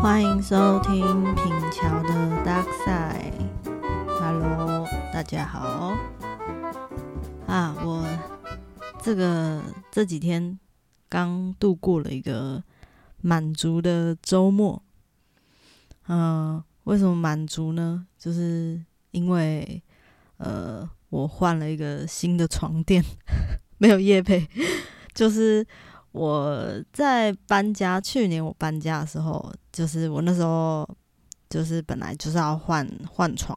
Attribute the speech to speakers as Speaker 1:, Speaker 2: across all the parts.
Speaker 1: 歡迎收聽品橋的 Dark Side。Hello，大家好。啊，我這個這幾天剛度過了一個滿足的週末。嗯、呃，為什麼滿足呢？就是因為呃，我換了一個新的床墊，沒有業配，就是。我在搬家。去年我搬家的時候，就是我那時候就是本來就是要換換床，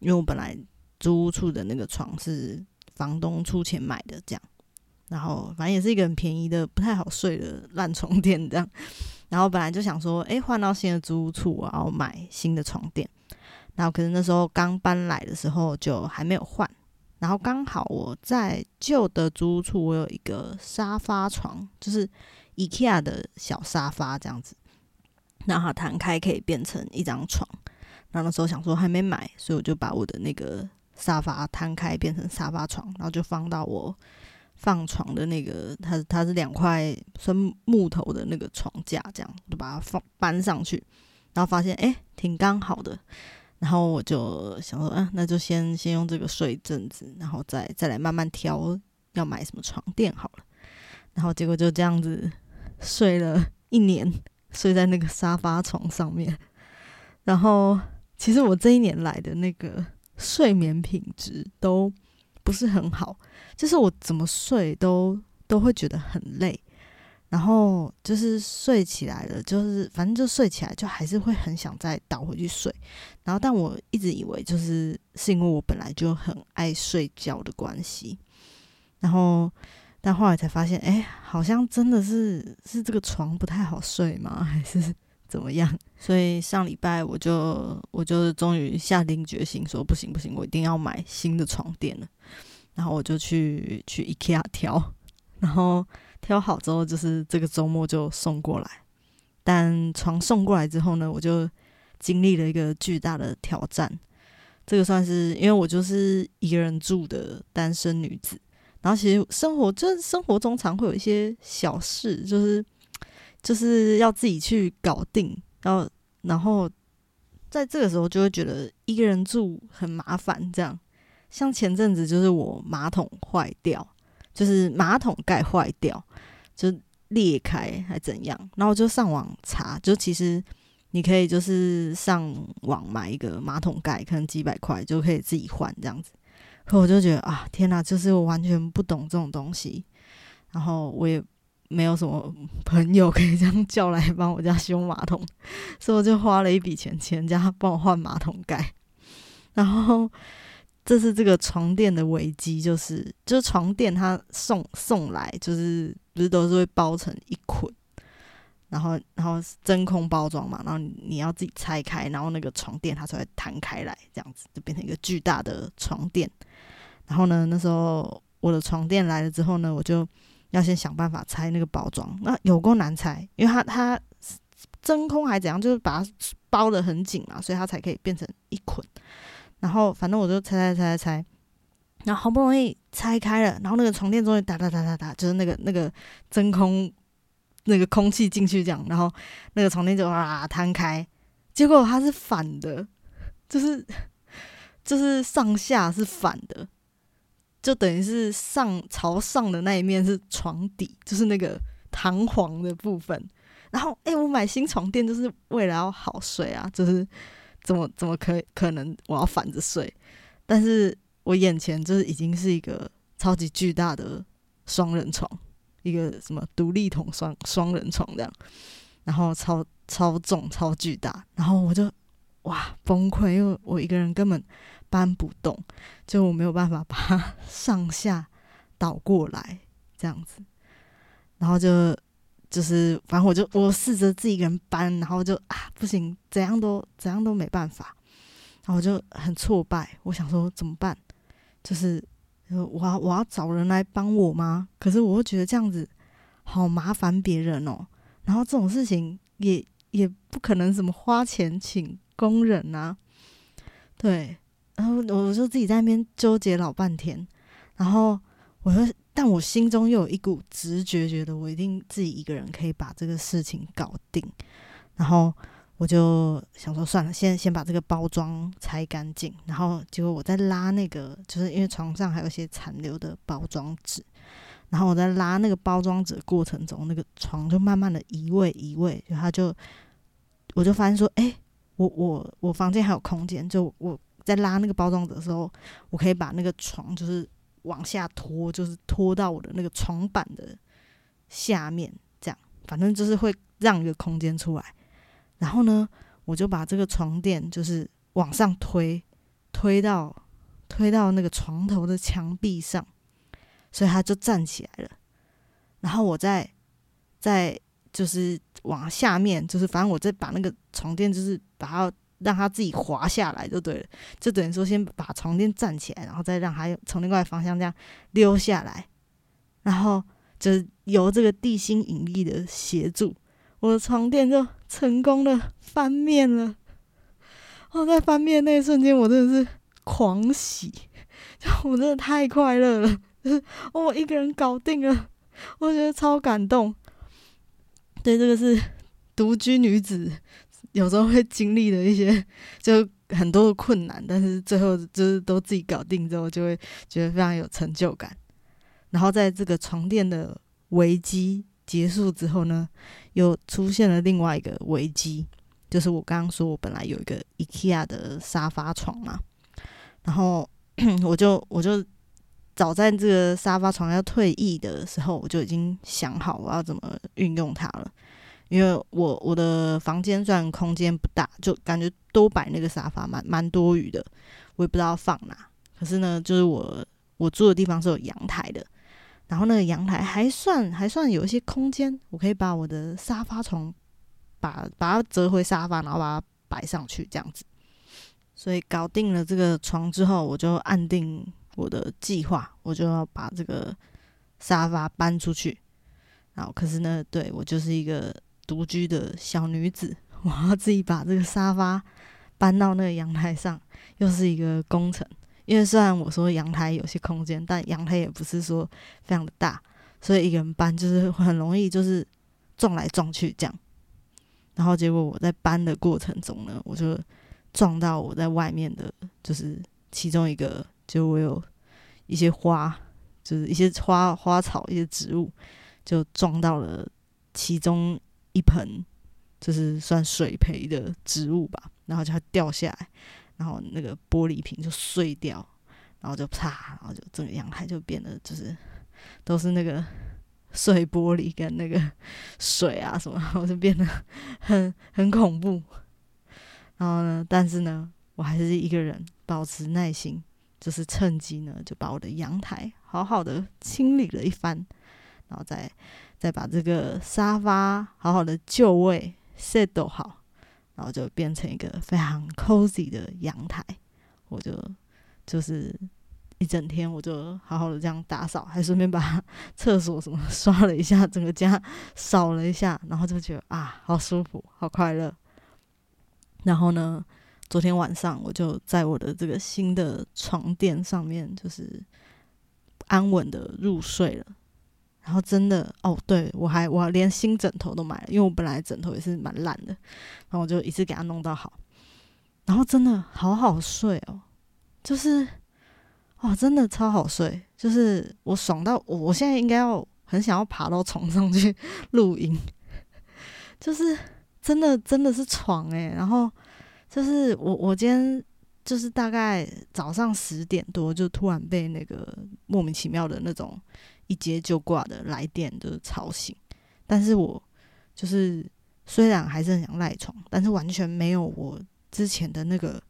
Speaker 1: 因為我本來租屋處的那個床是房東出錢買的，這樣，然後反正也是一個很便宜的不太好睡的爛床墊這樣，然後本來就想說，誒，換到新的租屋處，我要買新的床墊，然後可是那時候剛搬來的時候就還沒有換。然後剛好我在舊的租屋處，我有一個沙發床，就是 IKEA 的小沙發這樣子，然後它彈開可以變成一張床。然後那時候想說還沒買，所以我就把我的那個沙發攤開變成沙發床，然後就放到我放床的那個，它它是兩塊松木頭的那個床架這樣，我就把它放搬上去，然後發現誒，挺剛好的。然後我就想說啊，那就先先用這個睡一陣子，然後再再來慢慢挑要買什麼床墊好了。然後結果就這樣子睡了一年，睡在那個沙發床上面。然後其實我這一年來的那個睡眠品質都不是很好，就是我怎麼睡都都會覺得很累。然後就是睡起來了，就是反正就睡起來，就還是會很想再倒回去睡。然後但我一直以為就是是因為我本來就很愛睡覺的關係。然後但後來才發現，哎，好像真的是是這個床不太好睡嗎？還是怎麼樣？所以上禮拜我就我就終於下定決心說，不行不行，我一定要買新的床墊了。然後我就去去 IKEA 挑，然後。挑好之後，就是這個周末就送過來。但床送過來之後呢，我就經歷了一個巨大的挑戰。這個算是因為我就是一個人住的單身女子。然後其實生活就是生活中常會有一些小事，就是就是要自己去搞定。然後然後在這個時候就會覺得一個人住很麻煩。這樣像前陣子就是我馬桶壞掉，就是馬桶蓋壞掉。就裂開還怎樣？然後我就上網查，就其實你可以就是上網買一個馬桶蓋，可能幾百塊就可以自己換這樣子。可我就覺得啊，天哪、啊，就是我完全不懂這種東西，然後我也沒有什麼朋友可以這樣叫來幫我家修馬桶，所以我就花了一筆錢請人家幫我換馬桶蓋，然後。這是這個床墊的危機，就是就是床墊它送送來，就是不是都是會包成一捆，然後然後真空包裝嘛，然後你，你要自己拆開，然後那個床墊它才會彈開來，這樣子就變成一個巨大的床墊。然後呢，那時候我的床墊來了之後呢，我就要先想辦法拆那個包裝，那有夠難拆，因為它它真空還怎樣，就是把它包得很緊嘛，所以它才可以變成一捆。然後，反正我就拆拆拆拆拆，然後好不容易拆開了，然後那個床墊終於打打打打打，就是那個那個真空，那個空氣進去這樣，然後那個床墊就啊攤開，結果它是反的，就是就是上下是反的，就等於是上朝上的那一面是床底，就是那個彈簧的部分。然後，哎、欸，我買新床墊就是為了要好睡啊，就是。怎麼怎麼可可能我要反着睡？但是我眼前就是已經是一個超級巨大的雙人床，一個什麼獨立筒雙雙人床這樣，然後超超重超巨大，然後我就哇崩潰，因為我一個人根本搬不動，就我沒有辦法把它上下倒過來這樣子，然後就。就是，反正我就我試着自己一個人搬，然後就啊不行，怎樣都怎樣都沒辦法，然後我就很挫敗，我想說怎麼辦？就是我我要找人來幫我嗎？可是我又覺得這樣子好麻煩別人哦、喔，然後這種事情也也不可能什麼花錢請工人啊，對，然後我就自己在那邊糾結老半天，然後我就但我心中又有一股直覺，覺得我一定自己一個人可以把這個事情搞定。然後我就想說，算了，先先把這個包裝拆乾淨。然後結果我在拉那個，就是因為床上還有一些殘留的包裝紙。然後我在拉那個包裝紙的過程中，那個床就慢慢的移位移位，然後他就，我就發現說，誒，我我我房間還有空間。就我在拉那個包裝紙的時候，我可以把那個床就是。往下拖，就是拖到我的那個床板的下面，這樣反正就是會讓一個空間出來。然後呢，我就把這個床墊就是往上推，推到推到那個床頭的牆壁上，所以它就站起來了。然後我再再就是往下面，就是反正我再把那個床墊就是把它。讓它自己滑下來就對了，就等於說先把床墊站起來，然後再讓它從另外方向這樣溜下來，然後就是由這個地心引力的協助，我的床墊就成功的翻面了。我、哦、在翻面那一瞬間，我真的是狂喜，就我真的太快樂了，就是哦，我一個人搞定了，我覺得超感動。對，這個是獨居女子。有時候會經歷的一些，就很多的困難，但是最後就是都自己搞定之後，就會覺得非常有成就感。然後在這個床墊的危機結束之後呢，又出現了另外一個危機，就是我剛剛說我本來有一個 IKEA 的沙發床嘛，然後 我就我就早在這個沙發床要退役的時候，我就已經想好我要怎麼運用它了。因為我我的房間算空間不大，就感覺都擺那個沙發蠻蠻多餘的，我也不知道放哪。可是呢，就是我我住的地方是有陽台的，然後那個陽台還算還算有一些空間，我可以把我的沙發床把把它折回沙發，然後把它擺上去這樣子。所以搞定了這個床之後，我就按定我的計劃，我就要把這個沙發搬出去。然後可是呢，對我就是一個。獨居的小女子，我要自己把這個沙發搬到那個陽台上，又是一個工程。因為雖然我說陽台有些空間，但陽台也不是說非常的大，所以一個人搬就是很容易就是撞來撞去這樣。然後結果我在搬的過程中呢，我就撞到我在外面的，就是其中一個，就我有一些花，就是一些花花草、一些植物，就撞到了其中，一盆就是算水培的植物吧，然後就它掉下來，然後那個玻璃瓶就碎掉，然後就啪，然後就整個陽台就變得就是都是那個碎玻璃跟那個水啊什麼，然後就變得很很恐怖。然後呢，但是呢，我還是一個人保持耐心，就是趁機呢就把我的陽台好好的清理了一番，然後再。再把這個沙發好好的就位 set 好，然後就變成一個非常 cozy 的陽台。我就就是一整天，我就好好的這樣打掃，還順便把廁所什麼刷了一下，整個家掃了一下，然後就覺得啊，好舒服，好快樂。然後呢，昨天晚上我就在我的這個新的床墊上面，就是安穩的入睡了。然後真的哦，對我還我還連新枕頭都買了，因為我本來枕頭也是蠻爛的，然後我就一次給它弄到好。然後真的好好睡哦，就是，哇、哦，真的超好睡，就是我爽到我現在應該要很想要爬到床上去錄音，就是真的真的是床誒、欸、然後就是我我今天就是大概早上十點多就突然被那個莫名其妙的那種。一接就掛的來電的、就是、吵醒，但是我就是雖然還是很想賴床，但是完全沒有我之前的那個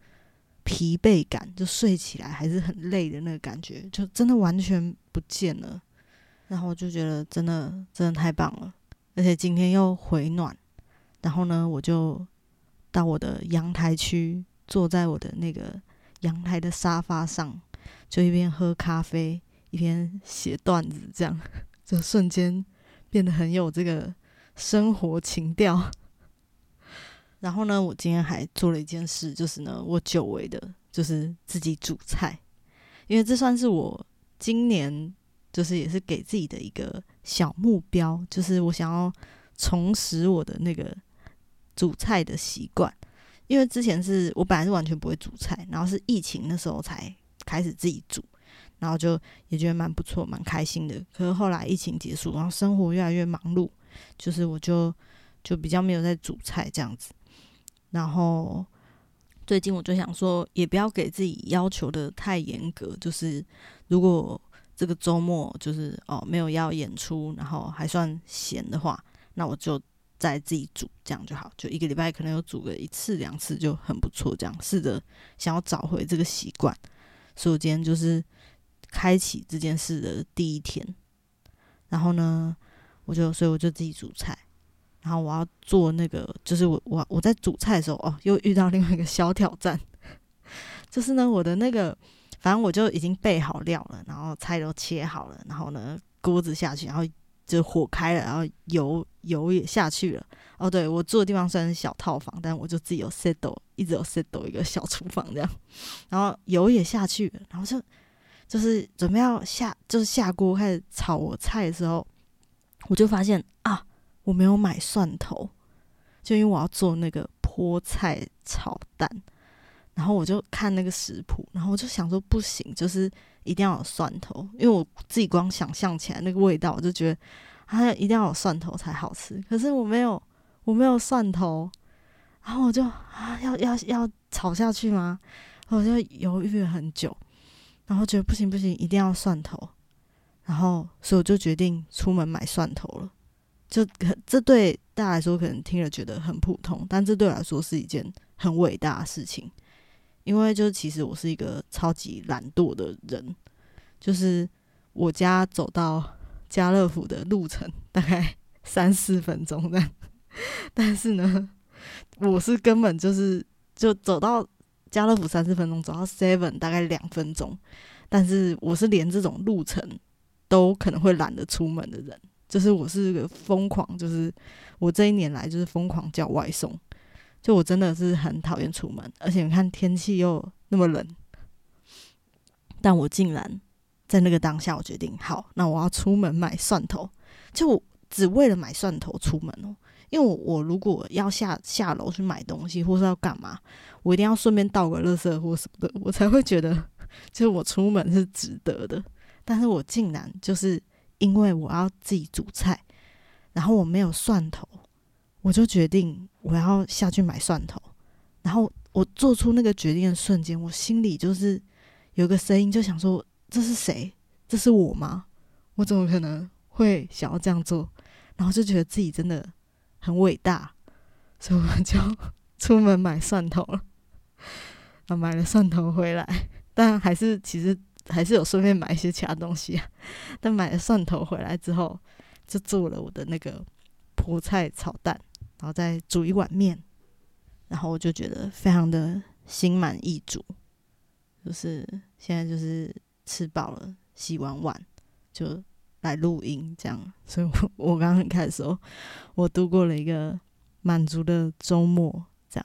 Speaker 1: 疲憊感，就睡起來還是很累的那個感覺，就真的完全不見了。然後我就覺得真的真的太棒了，而且今天又回暖，然後呢，我就到我的陽台去，坐在我的那個陽台的沙發上，就一邊喝咖啡。一邊寫段子，這樣就瞬間變得很有這個生活情調。然後呢，我今天還做了一件事，就是呢，我久違的，就是自己煮菜，因為這算是我今年，就是也是給自己的一個小目標，就是我想要重拾我的那個煮菜的習慣。因為之前是我本來是完全不會煮菜，然後是疫情的時候才開始自己煮。然後就也覺得蠻不錯，蠻開心的。可是後來疫情結束，然後生活越來越忙碌，就是我就就比較沒有在煮菜這樣子。然後最近我就想說，也不要給自己要求的太嚴格。就是如果這個周末就是哦沒有要演出，然後還算閒的話，那我就再自己煮，這樣就好。就一個禮拜可能有煮個一次兩次就很不錯，這樣試着想要找回這個習慣。所以我今天就是。開啟這件事的第一天，然後呢，我就所以我就自己煮菜，然後我要做那個，就是我我我在煮菜的時候，哦，又遇到另外一個小挑戰，就是呢，我的那個反正我就已經備好料了，然後菜都切好了，然後呢鍋子下去，然後就火開了，然後油油也下去了。哦對，對我住的地方雖然是小套房，但我就自己有 settle，一直有 settle 一個小廚房這樣，然後油也下去然後就。就是準備要下，就是下鍋開始炒我菜的時候，我就發現啊，我沒有買蒜頭，就因為我要做那個菠菜炒蛋，然後我就看那個食譜，然後我就想說不行，就是一定要有蒜頭，因為我自己光想象起來那個味道，我就覺得啊，一定要有蒜頭才好吃。可是我沒有，我沒有蒜頭，然後我就啊要要要炒下去嗎？然後我就猶豫了很久。然後覺得不行不行，一定要蒜頭，然後所以我就決定出門買蒜頭了。就可，這對大家來說可能聽了覺得很普通，但這對我來說是一件很偉大的事情，因為就是其實我是一個超級懶惰的人，就是我家走到家樂福的路程大概三四分鐘這樣。但是呢，我是根本就是就走到。家樂福三四分鐘，走到 Seven 大概兩分鐘，但是我是連這種路程都可能會懶得出門的人，就是我是個瘋狂，就是我這一年來就是瘋狂叫外送，就我真的是很討厭出門，而且你看天氣又那麼冷，但我竟然在那個當下我決定，好，那我要出門買蒜頭，就只為了買蒜頭出門哦、喔。因為我，我如果要下下樓去買東西，或是要幹嘛，我一定要順便倒個垃圾或什麼的，我才會覺得就是我出門是值得的。但是我竟然就是因為我要自己煮菜，然後我沒有蒜頭，我就決定我要下去買蒜頭。然後我做出那個決定的瞬間，我心裡就是有一個聲音就想說：“這是誰？這是我嗎？我怎麼可能會想要這樣做？”然後就覺得自己真的。很偉大，所以我就出門買蒜頭了。啊，買了蒜頭回來，但還是其實還是有順便買一些其他東西啊。但買了蒜頭回來之後，就做了我的那個菠菜炒蛋，然後再煮一碗麵，然後我就覺得非常的心滿意足，就是現在就是吃飽了，洗完碗就。來錄音，這樣，所以我，我我剛剛開始說，我度過了一個滿足的周末，這樣，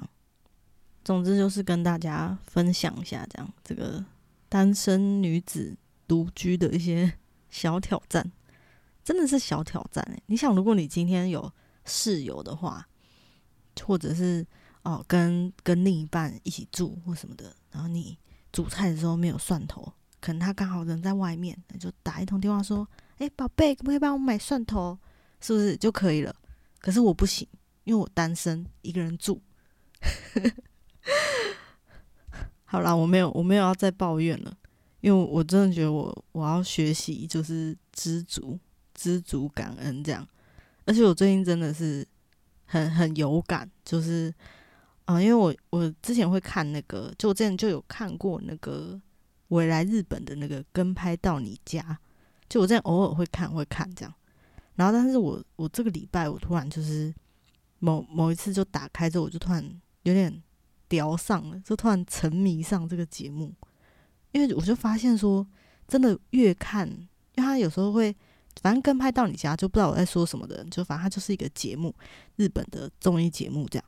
Speaker 1: 總之就是跟大家分享一下，這樣這個單身女子獨居的一些小挑戰，真的是小挑戰，欸，你想，如果你今天有室友的話，或者是哦跟跟另一半一起住或什麼的，然後你煮菜的時候沒有蒜頭，可能他剛好人在外面，那就打一通電話說。哎、欸，寶貝，可不可以幫我買蒜頭？是不是就可以了？可是我不行，因為我單身，一個人住。 好啦，我沒有，我沒有要再抱怨了，因為我，我真的覺得我我要學習就是知足，知足感恩、嗯、這樣。而且我最近真的是很很有感，就是啊，因為我我之前會看那個，就我之前就有看過那個，未來日本的那個跟拍到你家。就我這樣偶爾會看會看這樣，然後但是我我這個禮拜我突然就是某某一次就打開之後我就突然有點聊上了，就突然沉迷上這個節目，因為我就發現說真的越看，因為他有時候會反正跟拍到你家，就不知道我在說什麼的人，就反正他就是一個節目，日本的綜藝節目這樣。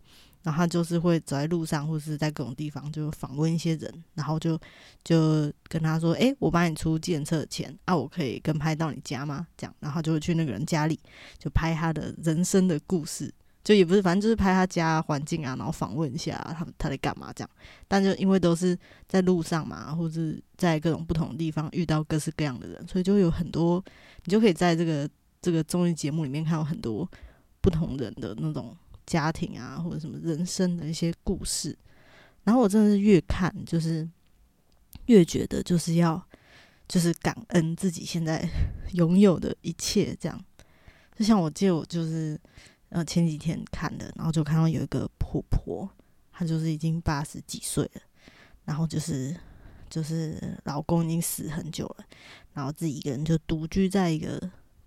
Speaker 1: 然後他就是會走在路上，或是在各種地方就訪問一些人，然後就就跟他說：“誒、欸，我幫你出計程車的錢啊，我可以跟拍到你家嗎？”這樣，然後就會去那個人家裡，就拍他的人生的故事，就也不是，反正就是拍他家環境啊，然後訪問一下、啊、他他在幹嘛這樣。但就因為都是在路上嘛，或是在各種不同的地方遇到各式各樣的人，所以就有很多，你就可以在這個這個綜藝節目裡面看到很多不同人的那種。家庭啊，或者什麼人生的一些故事，然後我真的是越看就是越覺得就是要就是感恩自己現在擁有的一切，這樣。就像我就就是呃前幾天看的，然後就看到有一個婆婆，她就是已經八十幾歲了，然後就是就是老公已經死很久了，然後自己一個人就獨居在一個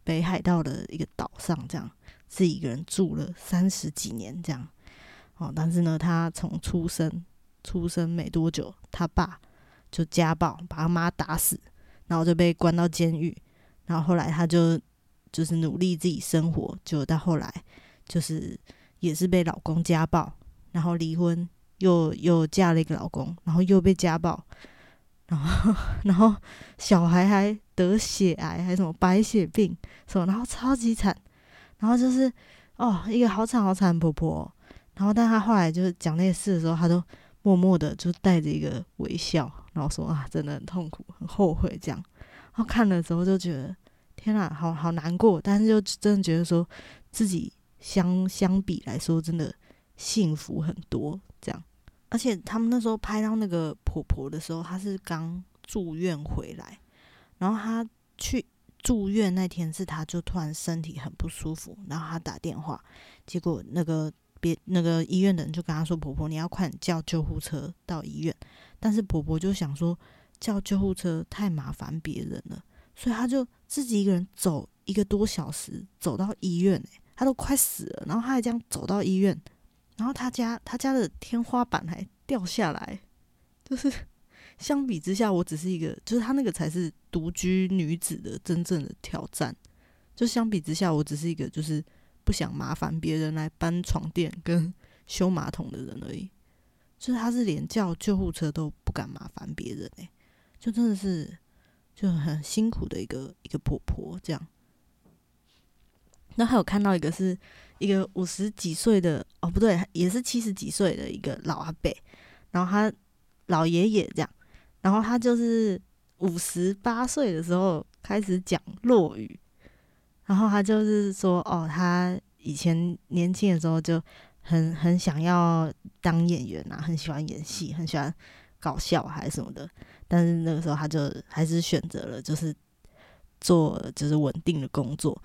Speaker 1: 北海道的一個島上，這樣。自己一個人住了三十幾年，這樣哦。但是呢，她從出生出生沒多久，她爸就家暴，把她媽打死，然後就被關到監獄。然後後來她就就是努力自己生活，就到後來就是也是被老公家暴，然後離婚，又又嫁了一個老公，然後又被家暴，然後然後小孩還得血癌，還什麼白血病什麼，然後超級慘。然後就是，哦，一個好慘好慘的婆婆，哦，然後，但她後來就是講那些事的時候，她都默默的就帶着一個微笑，然後說啊，真的很痛苦，很後悔這樣。然後看了之後就覺得，天哪，好好難過，但是就真的覺得說自己相相比來說，真的幸福很多這樣。而且他們那時候拍到那個婆婆的時候，她是剛住院回來，然後她去。住院那天是她，就突然身體很不舒服，然後她打電話，結果那個別那個醫院的人就跟她說：“婆婆，你要快點叫救護車到醫院。”但是婆婆就想說叫救護車太麻煩別人了，所以她就自己一個人走一個多小時走到醫院，欸，她都快死了，然後她還這樣走到醫院，然後她家她家的天花板還掉下來，就是。相比之下，我只是一個，就是他那個才是獨居女子的真正的挑戰。就相比之下，我只是一個，就是不想麻煩別人來搬床墊跟修馬桶的人而已。就是他是連叫救護車都不敢麻煩別人欸，就真的是就很辛苦的一個一個婆婆這樣。那還有看到一個是一個五十幾歲的哦不對，也是七十幾歲的一個老阿伯，然後他老爺爺這樣。然後他就是五十八歲的時候開始講落語，然後他就是說：“哦，他以前年輕的時候就很很想要當演員啊，很喜歡演戲，很喜歡搞笑還是什麼的。但是那個時候他就還是選擇了就是做就是穩定的工作，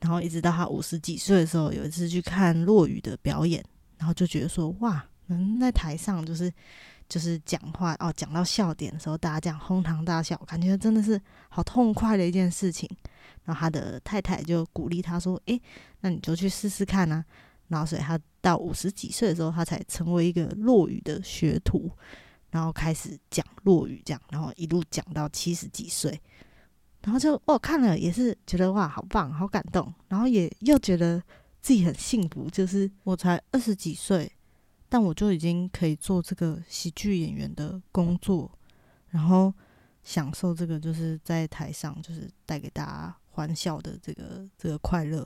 Speaker 1: 然後一直到他五十幾歲的時候，有一次去看落語的表演，然後就覺得說：‘哇，能在台上就是’。”就是講話哦，講到笑點的時候，大家這樣哄堂大笑，感覺真的是好痛快的一件事情。然後他的太太就鼓勵他說：“誒，那你就去試試看啊。”然後，所以他到五十幾歲的時候，他才成為一個落語的學徒，然後開始講落語，這樣，然後一路講到七十幾歲，然後就哦，看了也是覺得哇，好棒，好感動，然後也又覺得自己很幸福，就是我才二十幾歲。但我就已經可以做這個喜劇演員的工作，然後享受這個就是在台上就是帶給大家歡笑的這個這個快樂，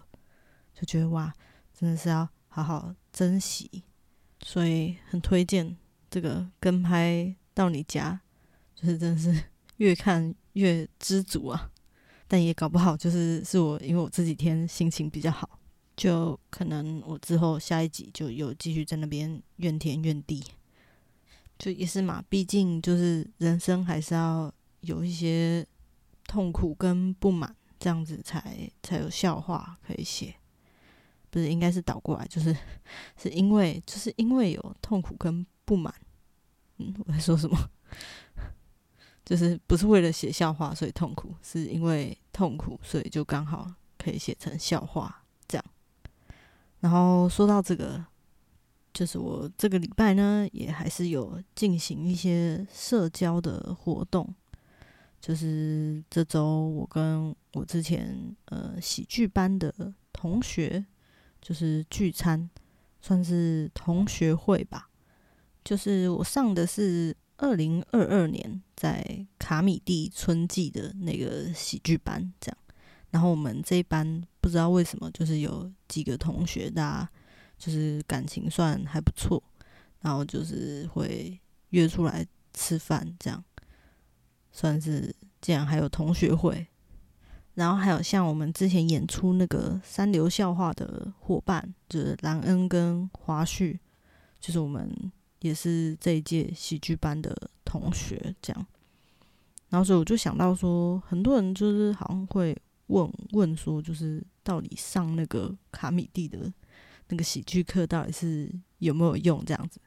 Speaker 1: 就覺得哇，真的是要好好珍惜，所以很推薦這個跟拍到你家，就是真的是越看越知足啊，但也搞不好就是是我，因為我這幾天心情比較好。就可能我之後下一集就有繼續在那邊怨天怨地，就也是嘛。畢竟就是人生還是要有一些痛苦跟不滿，這樣子才才有笑話可以寫。不是，應該是倒過來，就是是因為就是因為有痛苦跟不滿，嗯，我在說什麼？就是不是為了寫笑話所以痛苦，是因為痛苦所以就剛好可以寫成笑話。然後說到這個，就是我這個禮拜呢，也還是有進行一些社交的活動。就是這周我跟我之前呃喜劇班的同學，就是聚餐，算是同學會吧。就是我上的是二零二二年在卡米地春季的那個喜劇班，這樣。然後我們這一班。不知道為什麼，就是有幾個同學、啊，大家就是感情算還不錯，然後就是會約出來吃飯，這樣算是這樣。竟然還有同學會，然後還有像我們之前演出那個三流笑話的伙伴，就是蘭恩跟華旭，就是我們也是這一屆喜劇班的同學，這樣。然後所以我就想到說，很多人就是好像會問問說，就是。到底上那個卡米地的那個喜劇課到底是有沒有用這樣子？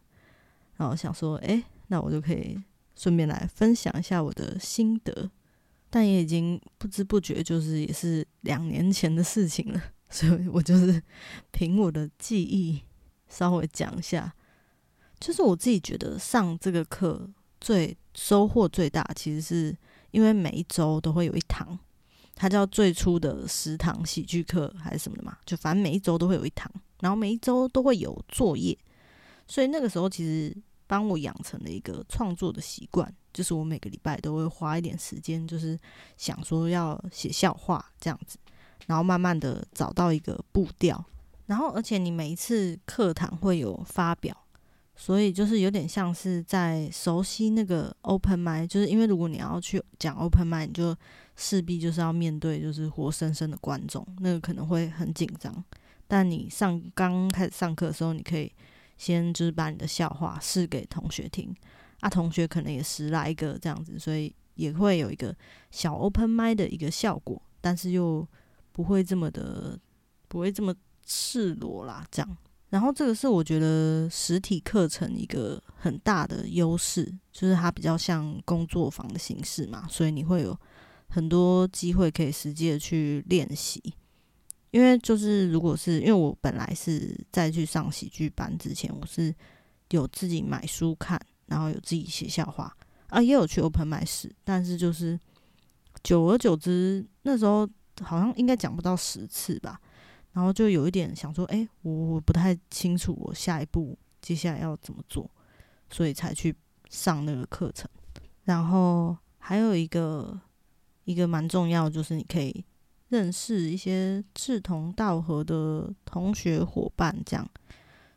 Speaker 1: 然後想說，哎、欸，那我就可以順便來分享一下我的心得。但也已經不知不覺，就是也是兩年前的事情了，所以我就是憑我的記憶稍微講一下。就是我自己覺得上這個課最收穫最大，其實是因為每一周都會有一堂。它叫最初的十堂喜劇課還是什麼的嘛？就反正每一周都會有一堂，然後每一周都會有作業，所以那個時候其實幫我養成了一個創作的習慣，就是我每個禮拜都會花一點時間，就是想說要寫笑話這樣子，然後慢慢的找到一個步調，然後而且你每一次課堂會有發表。所以就是有點像是在熟悉那個 open mic，就是因為如果你要去講 open mic，你就勢必就是要面對就是活生生的觀眾，那個可能會很緊張。但你上剛開始上課的時候，你可以先就是把你的笑話試給同學聽啊，同學可能也十來個這樣子，所以也會有一個小 open mic 的一個效果，但是又不會這麼的，不會這麼赤裸啦，這樣。然後這個是我覺得實體課程一個很大的優勢，就是它比較像工作坊的形式嘛，所以你會有很多機會可以實際的去練習。因為就是，如果是因為我本來是在去上喜劇班之前，我是有自己買書看，然後有自己寫笑話啊，也有去 open mic，但是就是久而久之，那時候好像應該講不到十次吧。然後就有一點想說，哎、欸，我我不太清楚我下一步接下來要怎麼做，所以才去上那個課程。然後還有一個一個蠻重要的，就是你可以認識一些志同道合的同學夥伴，這樣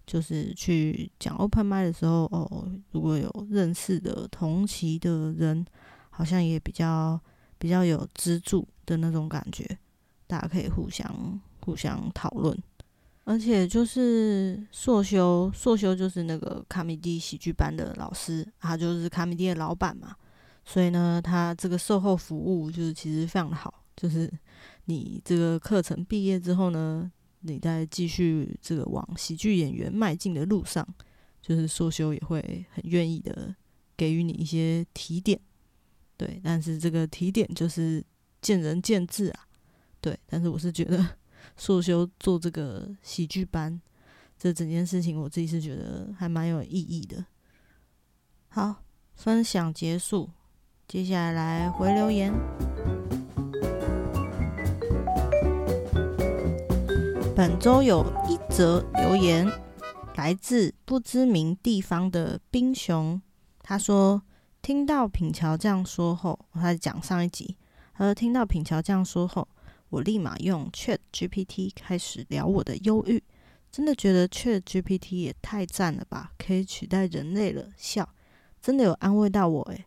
Speaker 1: 就是去講 open 麥的時候哦，如果有認識的同期的人，好像也比較比較有支柱的那種感覺，大家可以互相。互相討論，而且就是碩修，碩修就是那個卡米蒂喜劇班的老師，他就是卡米蒂的老板嘛，所以呢，他這個售後服務就是其實非常的好，就是你這個課程畢業之後呢，你再繼續這個往喜劇演員邁進的路上，就是碩修也會很願意的給予你一些提點，對，但是這個提點就是見仁見智啊，對，但是我是覺得。束修做這個喜劇班，這整件事情我自己是覺得還蠻有意義的。好，分享結束，接下來來回留言。本周有一則留言來自不知名地方的冰熊，他說：“聽到品喬這樣說後，他在講上一集，他說聽到品喬這樣說後。”我立馬用 Chat GPT 開始聊我的憂鬱，真的覺得 Chat GPT 也太讚了吧！可以取代人類了，笑！真的有安慰到我誒、欸、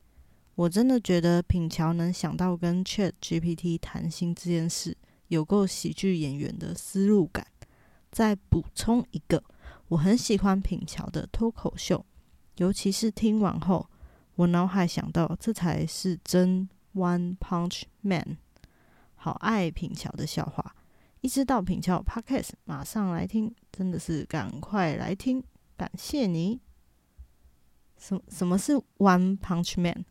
Speaker 1: 我真的覺得品喬能想到跟 Chat GPT 談心這件事，有夠喜劇演員的思路感。再補充一個，我很喜歡品喬的脫口秀，尤其是聽完後，我腦海想到這才是真 One Punch Man。好愛品喬的笑話，一直到品喬 Podcast，馬上來聽，真的是趕快來聽！感謝你。什麼什麼是 One Punch Man？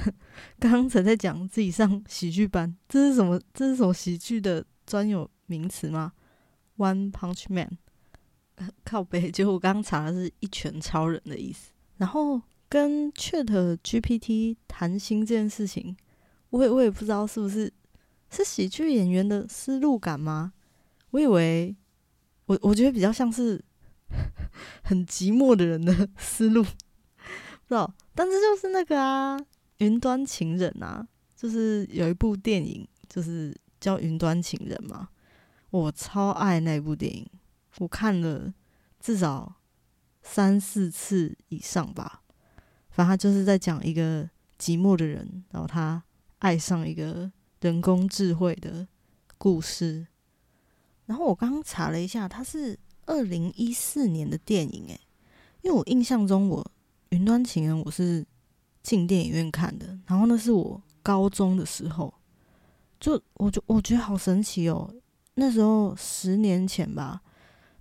Speaker 1: 剛才在講自己上喜劇班，這是什麼？這是什麼喜劇的專有名詞嗎？One Punch Man、呃、靠北，就我剛剛查的是一拳超人的意思。然後跟 ChatGPT 談心這件事情，我也我也不知道是不是。是喜劇演員的思路感嗎？我以為，我我覺得比較像是很寂寞的人的思路，不知道， 但是就是那個啊，《雲端情人》啊，就是有一部電影，就是叫《雲端情人》嘛。我超愛那部電影，我看了至少三四次以上吧。反正他就是在講一個寂寞的人，然後他愛上一個。人工智慧的故事，然後我剛剛查了一下，它是二零一四年的電影，誒，因為我印象中我《雲端情人》我是進電影院看的，然後那是我高中的時候，就我就我覺得好神奇哦，那時候十年前吧，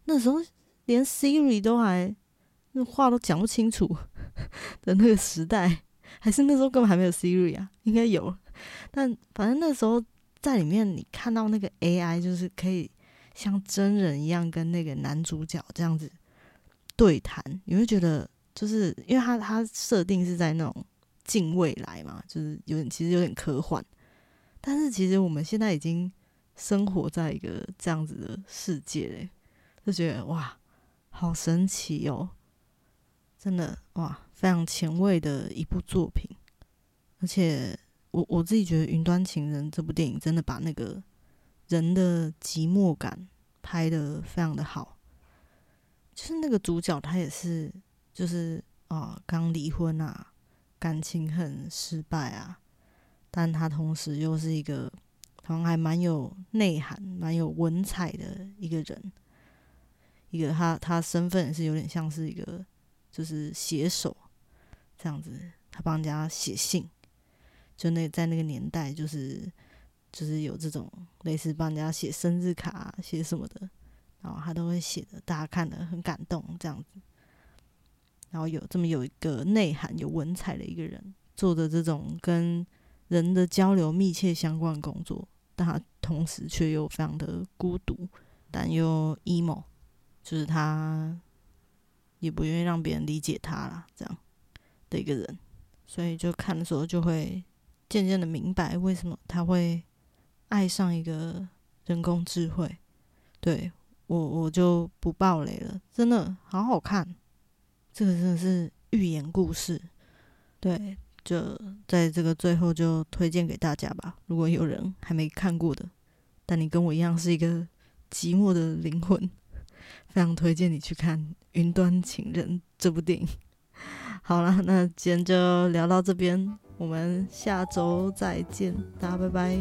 Speaker 1: 那時候連 Siri 都還那話都講不清楚的那個時代，還是那時候根本還沒有 Siri 啊，應該有。但反正那時候在裡面，你看到那個 AI 就是可以像真人一樣跟那個男主角這樣子對談，你會覺得就是因為他，他設定是在那種近未來嘛，就是有點其實有點科幻。但是其實我們現在已經生活在一個這樣子的世界嘞，就覺得哇，好神奇喲、喔！真的哇，非常前衛的一部作品，而且。我我自己覺得《雲端情人》這部電影真的把那個人的寂寞感拍得非常的好。就是那個主角他也是，就是啊、哦、剛離婚啊，感情很失敗啊，但他同時又是一個好像還蠻有內涵、蠻有文采的一個人。一個他他身份也是有點像是一個就是寫手這樣子，他幫人家寫信。就那在那個年代，就是就是有這種類似幫人家寫生日卡啊，寫什麼的，然後他都會寫的，大家看的很感動這樣子。然後有這麼有一個內涵、有文采的一個人做着這種跟人的交流密切相關的工作，但他同時卻又非常的孤獨，但又 emo，就是他也不願意讓別人理解他啦，這樣的一個人，所以就看的時候就會。漸漸的明白為什麼他會愛上一個人工智慧，對，我我就不爆雷了，真的好好看，這個真的是寓言故事，對，就在這個最後就推薦給大家吧。如果有人還沒看過的，但你跟我一樣是一個寂寞的靈魂，非常推薦你去看《雲端情人》這部電影。好啦，那今天就聊到這邊。我們下周再見，大家拜拜。